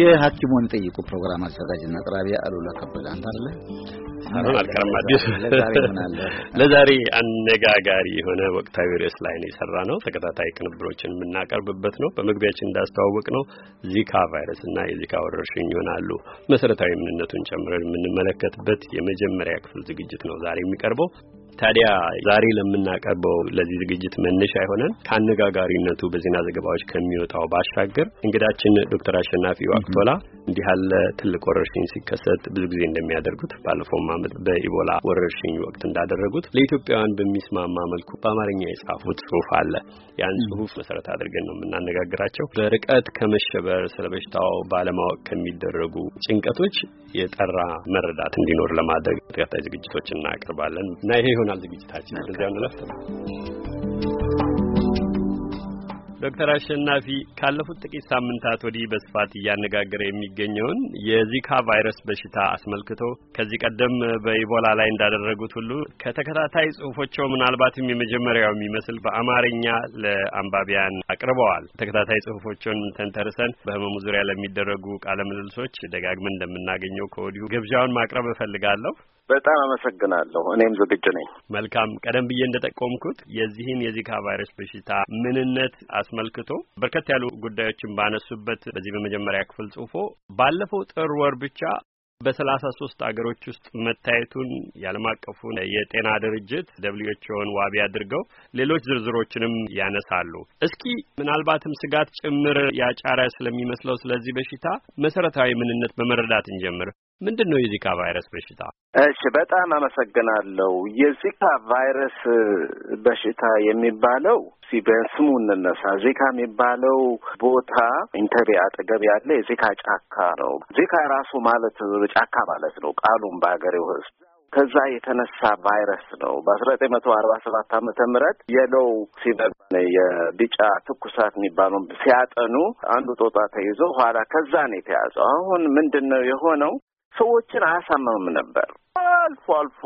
የሐኪሙን ጠይቁ ፕሮግራም አዘጋጅና አቅራቢ አሉላ ከበደ አንተ አለ ለዛሬ አነጋጋሪ የሆነ ወቅታዊ ርዕስ ላይ ነው የሰራ ነው። ተከታታይ ቅንብሮችን የምናቀርብበት ነው። በመግቢያችን እንዳስተዋወቅ ነው ዚካ ቫይረስ እና የዚካ ወረርሽኝ ይሆናሉ መሰረታዊ ምንነቱን ጨምረን የምንመለከትበት የመጀመሪያ ክፍል ዝግጅት ነው ዛሬ የሚቀርበው። ታዲያ ዛሬ ለምናቀርበው ለዚህ ዝግጅት መነሻ የሆነን ከአነጋጋሪነቱ በዜና ዘገባዎች ከሚወጣው ባሻገር እንግዳችን ዶክተር አሸናፊ ዋቅቶላ እንዲህ ያለ ትልቅ ወረርሽኝ ሲከሰት ብዙ ጊዜ እንደሚያደርጉት ባለፈውም ዓመት በኢቦላ ወረርሽኝ ወቅት እንዳደረጉት ለኢትዮጵያውያን በሚስማማ መልኩ በአማርኛ የጻፉት ጽሁፍ አለ። ያን ጽሁፍ መሰረት አድርገን ነው የምናነጋግራቸው። በርቀት ከመሸበር ስለ በሽታው ባለማወቅ ከሚደረጉ ጭንቀቶች የጠራ መረዳት እንዲኖር ለማድረግ ተከታይ ዝግጅቶች እናቀርባለን እና ይሄ ይሆናል ዝግጅታችን። ስለዚያው እንለፍ። ዶክተር አሸናፊ ካለፉት ጥቂት ሳምንታት ወዲህ በስፋት እያነጋገረ የሚገኘውን የዚካ ቫይረስ በሽታ አስመልክቶ ከዚህ ቀደም በኢቦላ ላይ እንዳደረጉት ሁሉ ከተከታታይ ጽሁፎቸው ምናልባትም የመጀመሪያው የሚመስል በአማርኛ ለአንባቢያን አቅርበዋል። ተከታታይ ጽሁፎቸውን ተንተርሰን በህመሙ ዙሪያ ለሚደረጉ ቃለ ምልልሶች ደጋግመን እንደምናገኘው ከወዲሁ ግብዣውን ማቅረብ እፈልጋለሁ። በጣም አመሰግናለሁ። እኔም ዝግጁ ነኝ። መልካም። ቀደም ብዬ እንደጠቆምኩት የዚህን የዚካ ቫይረስ በሽታ ምንነት አስመልክቶ በርከት ያሉ ጉዳዮችን ባነሱበት በዚህ በመጀመሪያ ክፍል ጽሁፎ ባለፈው ጥር ወር ብቻ በሰላሳ ሶስት አገሮች ውስጥ መታየቱን የዓለም አቀፉን የጤና ድርጅት ደብሊው ዋቢ አድርገው ሌሎች ዝርዝሮችንም ያነሳሉ። እስኪ ምናልባትም ስጋት ጭምር ያጫረ ስለሚመስለው ስለዚህ በሽታ መሰረታዊ ምንነት በመረዳት እንጀምር። ምንድን ነው የዚካ ቫይረስ በሽታ? እሺ፣ በጣም አመሰግናለሁ። የዚካ ቫይረስ በሽታ የሚባለው በስሙ እንነሳ። ዚካ የሚባለው ቦታ ኢንተቤ አጠገብ ያለ የዚካ ጫካ ነው። ዚካ ራሱ ማለት ጫካ ማለት ነው ቃሉም በሀገሬው ሕዝብ ከዛ የተነሳ ቫይረስ ነው። በአስራ ዘጠኝ መቶ አርባ ሰባት አመተ ምህረት የለው ሲበር የቢጫ ትኩሳት የሚባለውን ሲያጠኑ አንዱ ጦጣ ተይዞ ኋላ ከዛ ነው የተያዘው። አሁን ምንድን ነው የሆነው? ሰዎችን አያሳምምም ነበር። አልፎ አልፎ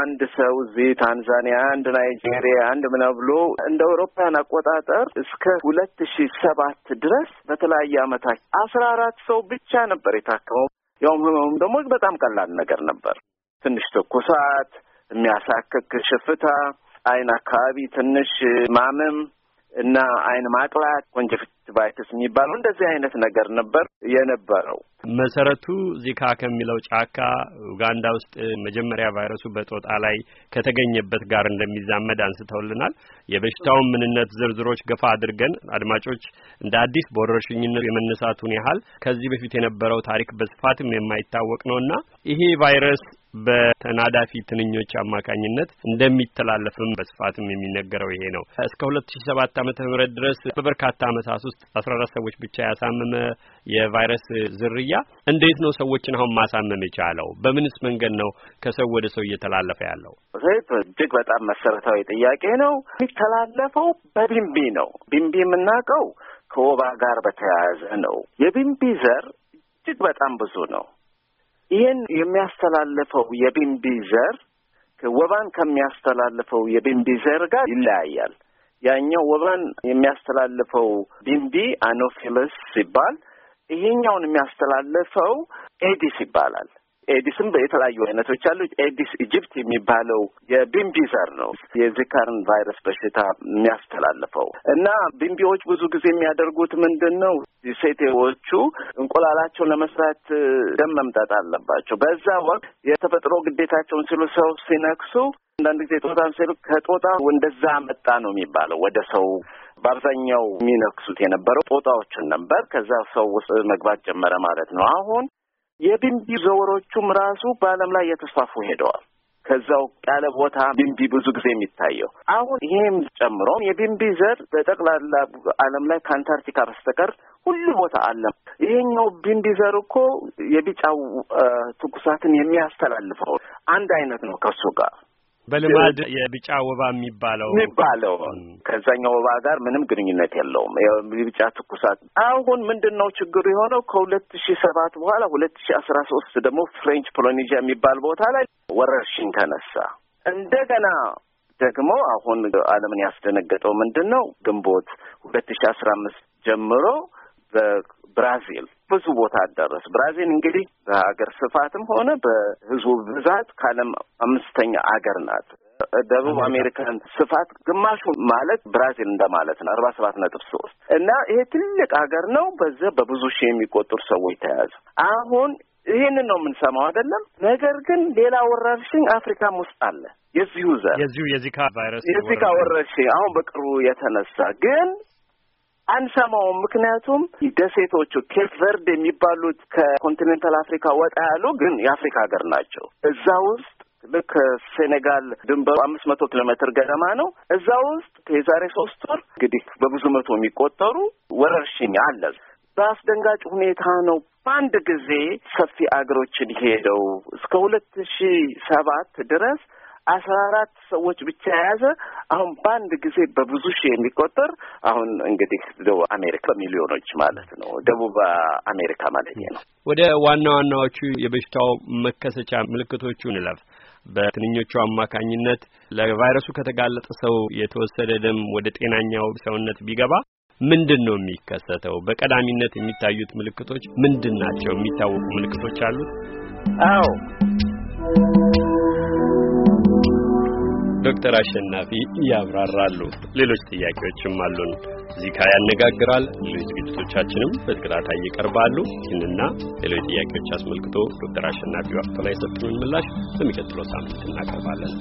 አንድ ሰው እዚህ ታንዛኒያ፣ አንድ ናይጄሪያ፣ አንድ ምና ብሎ እንደ አውሮፓውያን አቆጣጠር እስከ ሁለት ሺ ሰባት ድረስ በተለያየ አመታት አስራ አራት ሰው ብቻ ነበር የታከመው። ያውም ህመሙም ደግሞ በጣም ቀላል ነገር ነበር። ትንሽ ትኩሳት፣ የሚያሳክክ ሽፍታ፣ አይን አካባቢ ትንሽ ማመም እና አይን ማቅላት ኮንጀክቲቫይትስ የሚባለው እንደዚህ አይነት ነገር ነበር የነበረው። መሰረቱ ዚካ ከሚለው ጫካ ኡጋንዳ ውስጥ መጀመሪያ ቫይረሱ በጦጣ ላይ ከተገኘበት ጋር እንደሚዛመድ አንስተውልናል። የበሽታውን ምንነት ዝርዝሮች ገፋ አድርገን አድማጮች እንደ አዲስ በወረርሽኝነት የመነሳቱን ያህል ከዚህ በፊት የነበረው ታሪክ በስፋትም የማይታወቅ ነውና ይሄ ቫይረስ በተናዳፊ ትንኞች አማካኝነት እንደሚተላለፍም በስፋትም የሚነገረው ይሄ ነው። እስከ ሁለት ሺ ሰባት ዓመተ ምህረት ድረስ በበርካታ ዓመታት ውስጥ አስራ አራት ሰዎች ብቻ ያሳመመ የቫይረስ ዝርያ እንዴት ነው ሰዎችን አሁን ማሳመም የቻለው? በምንስ መንገድ ነው ከሰው ወደ ሰው እየተላለፈ ያለው? ዘይት እጅግ በጣም መሰረታዊ ጥያቄ ነው። የሚተላለፈው በቢምቢ ነው። ቢምቢ የምናውቀው ከወባ ጋር በተያያዘ ነው። የቢምቢ ዘር እጅግ በጣም ብዙ ነው። ይህን የሚያስተላልፈው የቢምቢ ዘር ወባን ከሚያስተላልፈው የቢምቢ ዘር ጋር ይለያያል። ያኛው ወባን የሚያስተላልፈው ቢምቢ አኖፊለስ ሲባል ይሄኛውን የሚያስተላልፈው ኤዲስ ይባላል። ኤዲስም የተለያዩ አይነቶች አሉ። ኤዲስ ኢጅፕት የሚባለው የቢምቢ ዘር ነው የዚካርን ቫይረስ በሽታ የሚያስተላልፈው እና ቢምቢዎች ብዙ ጊዜ የሚያደርጉት ምንድን ነው? ሴቴዎቹ እንቁላላቸውን ለመስራት ደም መምጠጥ አለባቸው። በዛ ወቅት የተፈጥሮ ግዴታቸውን ሲሉ ሰው ሲነክሱ አንዳንድ ጊዜ ጦጣን ሲሉ ከጦጣ እንደዛ መጣ ነው የሚባለው ወደ ሰው በአብዛኛው የሚነክሱት የነበረው ጦጣዎችን ነበር። ከዛ ሰው ውስጥ መግባት ጀመረ ማለት ነው። አሁን የቢንቢ ዘወሮቹም ራሱ በዓለም ላይ እየተስፋፉ ሄደዋል። ከዛው ያለ ቦታ ቢንቢ ብዙ ጊዜ የሚታየው አሁን ይሄም ጨምሮ የቢንቢ ዘር በጠቅላላ ዓለም ላይ ከአንታርክቲካ በስተቀር ሁሉ ቦታ አለ። ይሄኛው ቢንቢ ዘር እኮ የቢጫው ትኩሳትን የሚያስተላልፈው አንድ አይነት ነው ከሱ ጋር በልማድ የቢጫ ወባ የሚባለው የሚባለው ከዛኛው ወባ ጋር ምንም ግንኙነት የለውም። የቢጫ ትኩሳት አሁን ምንድን ነው ችግሩ የሆነው ከሁለት ሺ ሰባት በኋላ ሁለት ሺ አስራ ሶስት ደግሞ ፍሬንች ፖሎኔዥያ የሚባል ቦታ ላይ ወረርሽኝ ተነሳ። እንደገና ደግሞ አሁን ዓለምን ያስደነገጠው ምንድን ነው ግንቦት ሁለት ሺ አስራ አምስት ጀምሮ ብራዚል ብዙ ቦታ አዳረስ። ብራዚል እንግዲህ በሀገር ስፋትም ሆነ በህዝቡ ብዛት ከዓለም አምስተኛ አገር ናት። ደቡብ አሜሪካን ስፋት ግማሹ ማለት ብራዚል እንደማለት ነው። አርባ ሰባት ነጥብ ሶስት እና ይሄ ትልቅ ሀገር ነው። በዛ በብዙ ሺህ የሚቆጠሩ ሰዎች ተያዙ። አሁን ይህንን ነው የምንሰማው አይደለም። ነገር ግን ሌላ ወረርሽኝ አፍሪካም ውስጥ አለ። የዚሁ ዘር የዚሁ የዚካ ቫይረስ የዚካ ወረርሽኝ አሁን በቅርቡ የተነሳ ግን አንሰማውም። ምክንያቱም ደሴቶቹ ኬፕ ቨርድ የሚባሉት ከኮንቲኔንታል አፍሪካ ወጣ ያሉ ግን የአፍሪካ ሀገር ናቸው። እዛ ውስጥ ልክ ሴኔጋል ድንበሩ አምስት መቶ ኪሎ ሜትር ገደማ ነው። እዛ ውስጥ የዛሬ ሶስት ወር እንግዲህ በብዙ መቶ የሚቆጠሩ ወረርሽኝ አለ። በአስደንጋጭ ሁኔታ ነው በአንድ ጊዜ ሰፊ አገሮችን ሄደው እስከ ሁለት ሺህ ሰባት ድረስ አስራ አራት ሰዎች ብቻ የያዘ አሁን በአንድ ጊዜ በብዙ ሺህ የሚቆጠር አሁን እንግዲህ ደቡብ አሜሪካ ሚሊዮኖች ማለት ነው። ደቡብ አሜሪካ ማለት ነው። ወደ ዋና ዋናዎቹ የበሽታው መከሰቻ ምልክቶቹ እንለፍ። በትንኞቹ አማካኝነት ለቫይረሱ ከተጋለጠ ሰው የተወሰደ ደም ወደ ጤናኛው ሰውነት ቢገባ ምንድን ነው የሚከሰተው? በቀዳሚነት የሚታዩት ምልክቶች ምንድን ናቸው? የሚታወቁ ምልክቶች አሉት? አዎ ዶክተር አሸናፊ ያብራራሉ። ሌሎች ጥያቄዎችም አሉን። ዚካ ያነጋግራል። ሌሎች ዝግጅቶቻችንም በተከታታይ ይቀርባሉ። ይህንና ሌሎች ጥያቄዎች አስመልክቶ ዶክተር አሸናፊ ላይ የሰጡንን ምላሽ በሚቀጥለው ሳምንት እናቀርባለን።